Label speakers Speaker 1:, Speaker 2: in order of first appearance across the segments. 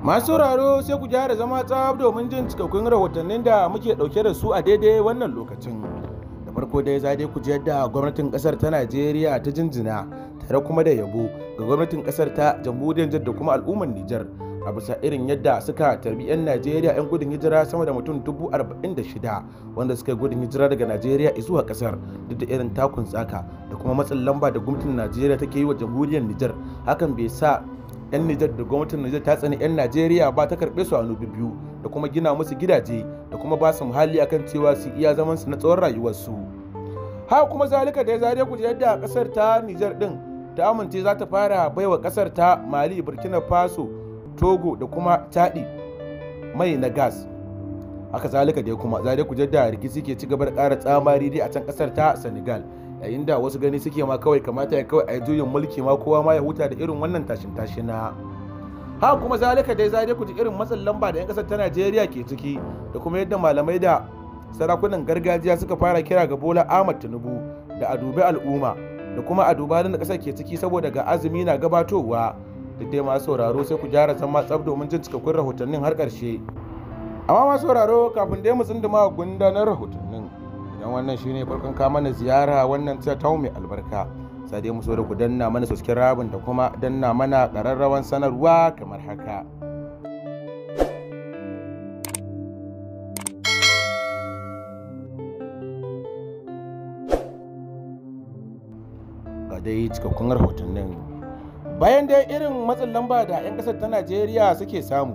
Speaker 1: masu sauraro sai ku gyara zama tsab domin jin cikakkun rahotannin da muke dauke da su a daidai wannan lokacin da farko dai za dai ku ji yadda gwamnatin kasar ta najeriya ta jinjina tare kuma da yabo ga gwamnatin kasar ta jamhuriyar jar da kuma al'ummar nijar a bisa irin yadda suka tarbi 'yan najeriya 'yan gudun hijira sama da mutum dubu arba'in da shida. wanda suka gudun hijira daga najeriya zuwa kasar duk da irin takun tsaka da kuma matsin lamba da gwamnatin najeriya take yi wa jamhuriyar nijar hakan bai sa 'yan Nijar da gwamnatin Nijar ta tsani 'yan Najeriya ba ta karɓe su a nubi biyu da kuma gina musu gidaje da kuma ba su muhalli akan cewa su iya zaman su na tsawon rayuwarsu. Haka kuma zalika da ya zare ku yadda kasar ta Nijar din ta amince za ta fara baiwa kasar ta Mali, Burkina Faso, Togo da kuma Chadi mai na gas. Haka zalika dai kuma zare ku yadda rikici ke ci gaba da ƙara tsamari a can kasar ta Senegal. yayin da wasu gani suke ma kawai kamata ya kawai a yi juyin mulki ma kowa ma ya huta da irin wannan tashin na ha kuma zalika dai zai ku ji irin matsin lamba da 'yan kasar ta najeriya ke ciki da kuma yadda malamai da sarakunan gargajiya suka fara kira ga bola ahmad tinubu da a dubi al'umma da kuma a duba da kasar ke ciki saboda ga azumi na gabatowa da dai masu sauraro sai ku gyara zama tsab domin jin cikakkun rahotannin har karshe amma masu sauraro kafin dai mu tsinduma gundanar rahoton don wannan shine farkon ka mana ziyara wannan ta tawo mai albarka sai dai mu da ku danna mana rabin da kuma danna mana ƙararrawan sanarwa kamar haka ga dai cikakkun rahotannin bayan dai irin matsin lamba da 'yan kasar ta najeriya suke samu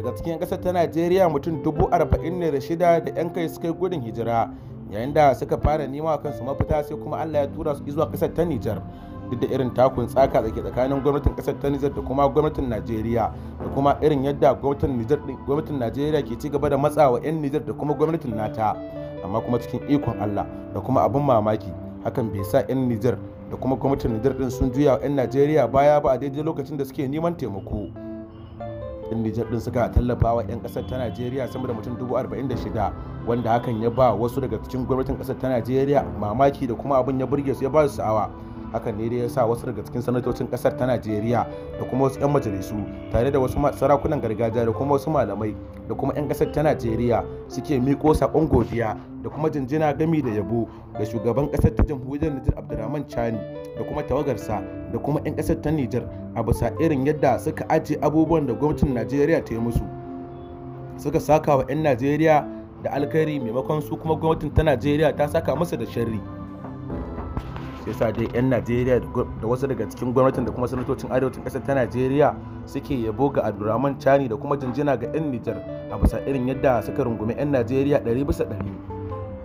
Speaker 1: daga cikin 'yan kasar ta najeriya mutum dubu arba'in ne da shida da 'yan kai suka gudun hijira yayin da suka fara nema kansu mafita sai kuma Allah ya tura su zuwa kasar ta Nijar duk da irin takun tsaka da ke tsakanin gwamnatin kasar ta Nijar da kuma gwamnatin Najeriya da kuma irin yadda gwamnatin Nijar gwamnatin Najeriya ke ci gaba da matsawa 'yan Nijar da kuma gwamnatin nata amma kuma cikin ikon Allah da kuma abun mamaki hakan bai sa 'yan Nijar da kuma gwamnatin Nijar din sun juya 'yan Najeriya baya ba a daidai lokacin da suke neman taimako 'yan Nijar din suka tallafa wa 'yan kasar ta Najeriya sama da mutum 46 wanda hakan ya ba wasu daga cikin gwamnatin kasar ta Najeriya mamaki da kuma abin ya burge su ya ba su sa'awa. hakan ne da ya sa wasu daga cikin sanatocin kasar ta najeriya da kuma wasu 'yan majalisu tare da wasu sarakunan gargajiya da kuma wasu malamai da kuma 'yan kasar ta najeriya suke miko saƙon godiya da kuma jinjina gami da yabo ga shugaban kasar ta jamhuriyar nijar abdulrahman chani da kuma tawagarsa da kuma 'yan kasar ta nijar a bisa irin yadda suka ajiye abubuwan da gwamnatin najeriya ta yi musu suka saka wa 'yan najeriya da alkhairi maimakon su kuma gwamnatin ta najeriya ta saka masa da sharri sai sa dai 'yan najeriya da wasu daga cikin gwamnatin da kuma sanatocin arewacin kasar ta najeriya suke yabo ga abdulrahman chani da kuma jinjina ga 'yan nijar a bisa irin yadda suka rungumi 'yan najeriya ɗari bisa ɗari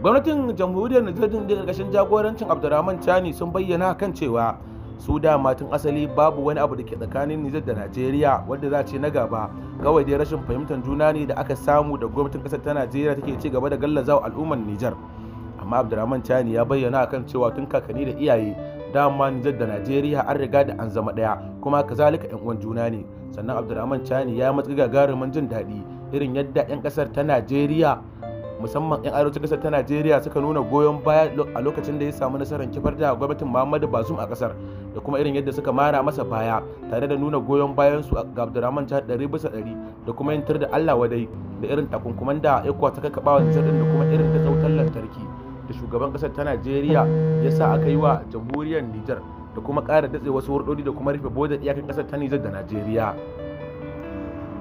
Speaker 1: gwamnatin jamhuriyar nijar da ƙarƙashin jagorancin abdulrahman chani sun bayyana kan cewa su da matun asali babu wani abu da ke tsakanin nijar da najeriya wanda za ce na gaba kawai dai rashin fahimtar juna ne da aka samu da gwamnatin kasar ta najeriya take ci gaba da gallazawa al'ummar nijar amma abdulrahman chani ya bayyana akan cewa tun kakanni da iyaye dama nijar da najeriya an riga da an zama daya kuma kazalika yan uwan juna ne sannan abdulrahman chani ya matsi gagarumin jin daɗi irin yadda yan kasar ta najeriya musamman 'yan arewacin kasar ta najeriya suka nuna goyon baya a lokacin da ya samu nasarar kifar da gwamnatin muhammadu bazum a kasar da kuma irin yadda suka mara masa baya tare da nuna goyon bayan su ga abdulrahman jihar ɗari bisa ɗari da kuma yantar da allah wadai da irin takunkuman da ya ta kakaɓa wa da kuma irin da tsautar lantarki da shugaban ƙasar ta najeriya ya sa aka yi wa jamhuriyar nijar da kuma ƙara datse wasu hurdodi da kuma rufe bodar iyakar ƙasar ta nijar da najeriya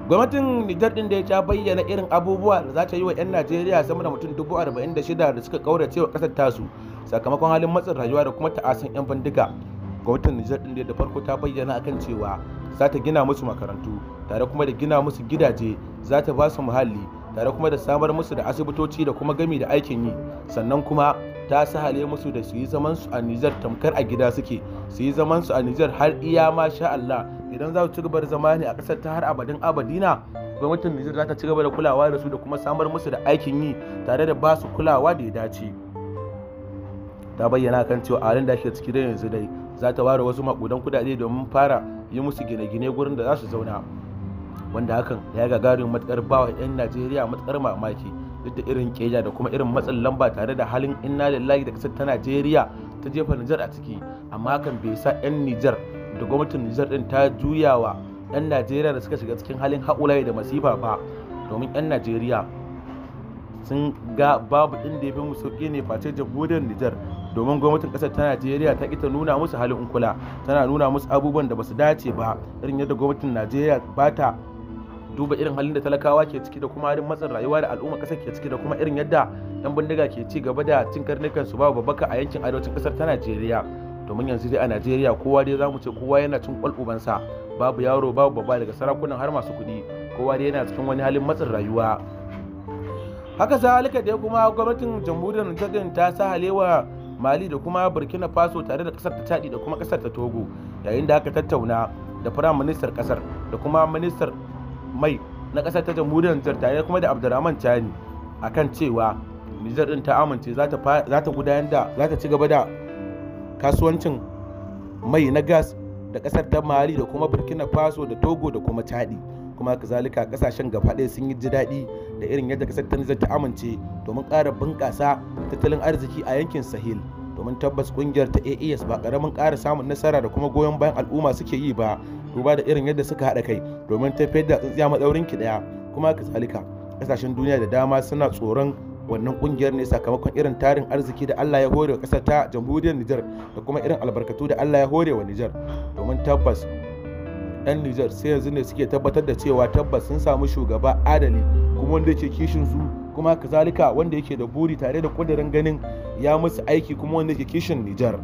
Speaker 1: gwamnatin nijar din da ya ja bayyana irin abubuwa da za ta yi wa 'yan najeriya sama da mutum dubu arba'in da shida da suka kaurace wa kasar tasu sakamakon halin matsin rayuwa da kuma ta'asin 'yan bindiga gwamnatin nijar din da farko ta bayyana akan cewa za ta gina musu makarantu tare kuma da gina musu gidaje za ta ba su muhalli tare kuma da samar musu da asibitoci da kuma gami da aikin yi sannan kuma ta sahale musu da su yi zaman su a Nijar tamkar a gida suke su yi zaman su a Nijar har iya ma sha Allah idan za su ci gaba da zama ne a kasar ta har abadin abadina gwamnatin Nijar za ta ci gaba da kulawa da su da kuma samar musu da aikin yi tare da ba su kulawa da ya dace ta bayyana kan cewa a da ake ciki da yanzu dai za ta ware wasu makudan kudade domin fara yi musu gine-gine gurin da za su zauna wanda hakan ya gagarin matukar bawa 'yan najeriya matukar mamaki duk da irin keja da kuma irin matsin lamba tare da halin inna lillahi da kasar ta najeriya ta jefa nijar a ciki amma hakan bai sa 'yan nijar da gwamnatin nijar din ta juyawa 'yan najeriya da suka shiga cikin halin haƙulaye da masifa ba domin 'yan najeriya sun ga babu inda ya fi sauƙi ne face jamhuriyar nijar domin gwamnatin kasar ta najeriya ta ƙi ta nuna musu halin kula tana nuna musu abubuwan da ba su dace ba irin yadda gwamnatin najeriya ba ta duba irin halin da talakawa ke ciki da kuma halin matsin rayuwa da al'umma kasar ke ciki da kuma irin yadda yan bindiga ke ci gaba da cin karnukan su babu babbaka a yankin arewacin kasar ta Najeriya domin yanzu dai a Najeriya kowa dai zamu ce kowa yana cin kwalkubansa babu yaro babu babba daga sarakunan har masu kuɗi kowa dai yana cikin wani halin matsin rayuwa haka zalika dai kuma gwamnatin jamhuriyar Nijar ta sa halewa Mali da kuma Burkina Faso tare da kasar ta Chadi da kuma kasar ta Togo yayin da aka tattauna da firayim ministar kasar da kuma ministar mai na ƙasar ta jamhuriyar Nijar tare kuma da Abdurrahman Chani akan cewa Nijar din ta amince za ta gudanar da za ta ci gaba da kasuwancin mai na gas da ƙasar ta Mali da kuma Burkina Faso da Togo da kuma Chadi kuma kazalika kasashen gaba ɗaya sun yi ji daɗi da irin yadda ƙasar ta Nijar ta amince domin ƙara bunƙasa tattalin arziki a yankin Sahel. domin tabbas kungiyar ta AES ba karamin ƙara samun nasara da kuma goyon bayan al'umma suke yi ba duba da irin yadda suka hada kai domin ta da tsintsiya matsaurin ki ɗaya kuma tsalika ƙasashen duniya da dama suna tsoron wannan kungiyar ne sakamakon irin tarin arziki da Allah ya hore wa ƙasar ta jamhuriyar Nijar da kuma irin albarkatu da Allah ya hore wa Nijar domin tabbas 'yan Nijar sai yanzu ne suke tabbatar da cewa tabbas sun samu shugaba adali kuma wanda yake kishin su kuma kazalika wanda yake da buri tare da kudirin ganin ya musu aiki kuma wanda ke kishin Nijar.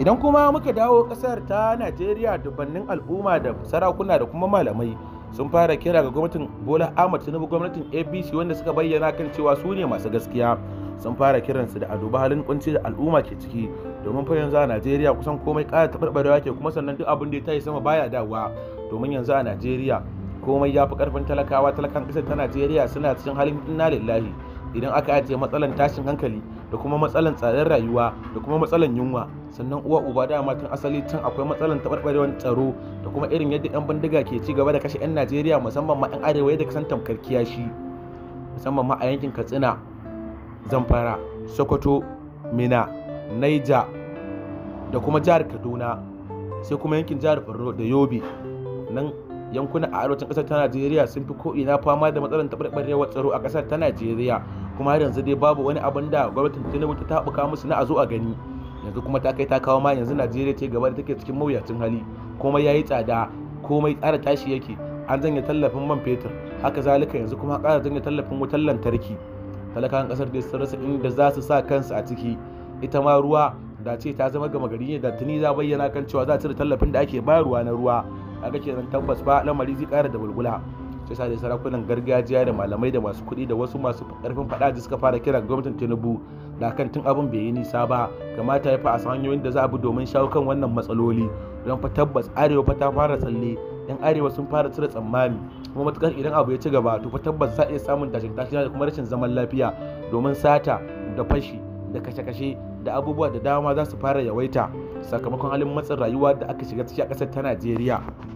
Speaker 1: Idan kuma muka dawo kasar ta Najeriya dubannin al'umma da sarakuna da kuma malamai sun fara kira ga gwamnatin Bola Ahmad Tinubu gwamnatin APC wanda suka bayyana kan cewa su ne masu gaskiya sun fara kiransu da aduba halin kunci da al'umma ke ciki domin fa yanzu a Najeriya kusan komai ƙara taɓarɓarewa ke kuma sannan duk abin da ya tayi sama baya dawowa domin yanzu a Najeriya komai ya fi ƙarfin talakawa talakan ƙasar ta Najeriya suna cikin halin inna lillahi idan aka ajiye matsalan tashin hankali da kuma matsalan tsadar rayuwa da kuma matsalan yunwa sannan uwa uba da matan asali tun akwai matsalan taɓarɓarewar tsaro da kuma irin yadda 'yan bindiga ke ci gaba da kashe 'yan najeriya musamman ma 'yan arewa yadda kasan tamkar kiyashi musamman ma a yankin katsina zamfara sokoto mina naija da kuma jihar kaduna sai kuma yankin jihar borno da yobe nan yankuna a arewacin kasar ta najeriya sun fi ko'ina fama da matsalar taɓarɓarewar tsaro a kasar ta najeriya kuma har yanzu dai babu wani abin da gwamnatin tinubu ta taɓuka musu na a zo a gani yanzu kuma ta kai ta kawo ma yanzu najeriya ce gaba da take cikin mawuyacin hali komai ya yi tsada komai tsara tashi yake an zanya tallafin man fetur haka zalika yanzu kuma ƙara zanya tallafin wutar lantarki talakawan kasar da sun rasa inda za su sa kansu a ciki ita ma ruwa da ce ta zama gama gari ne da tuni za bayyana kan cewa za ta da tallafin da ake bayarwa na ruwa kaga kenan tabbas ba lamari zai kara da bulbula sai sa sarakunan gargajiya da malamai da masu kuɗi da wasu masu ƙarfin faɗa suka fara kira gwamnatin tinubu da kan tun abin bai yi nisa ba kamata ya fi a hanyoyin da za a bi domin shawo kan wannan matsaloli don fa tabbas arewa fa ta fara tsalle yan arewa sun fara cire tsammani kuma matukar idan abu ya ci gaba to fa tabbas za a iya samun tashin tashin da kuma rashin zaman lafiya domin sata da fashi da kashe-kashe da abubuwa da dama za su fara yawaita sakamakon halin matsin rayuwa da aka shiga ciki a ƙasar ta najeriya